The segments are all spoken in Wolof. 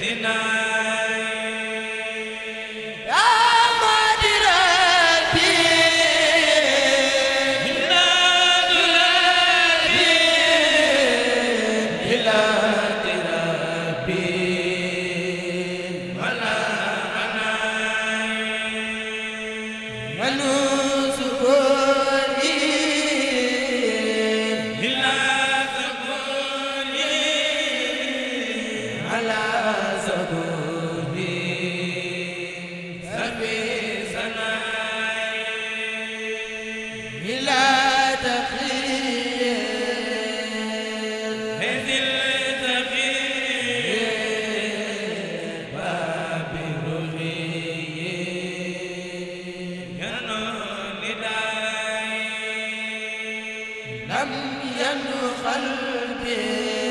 dina manu لم ينخل به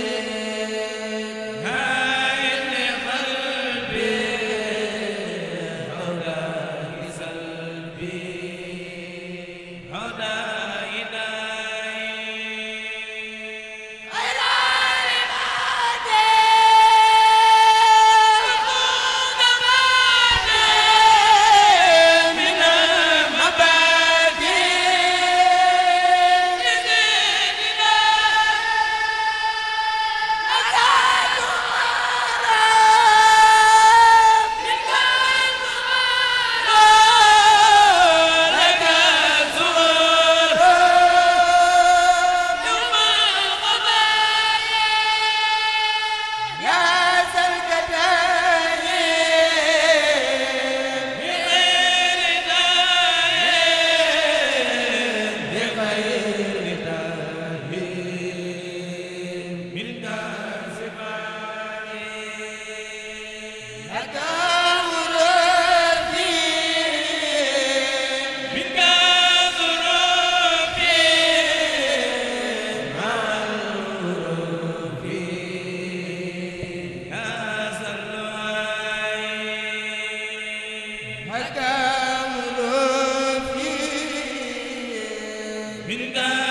min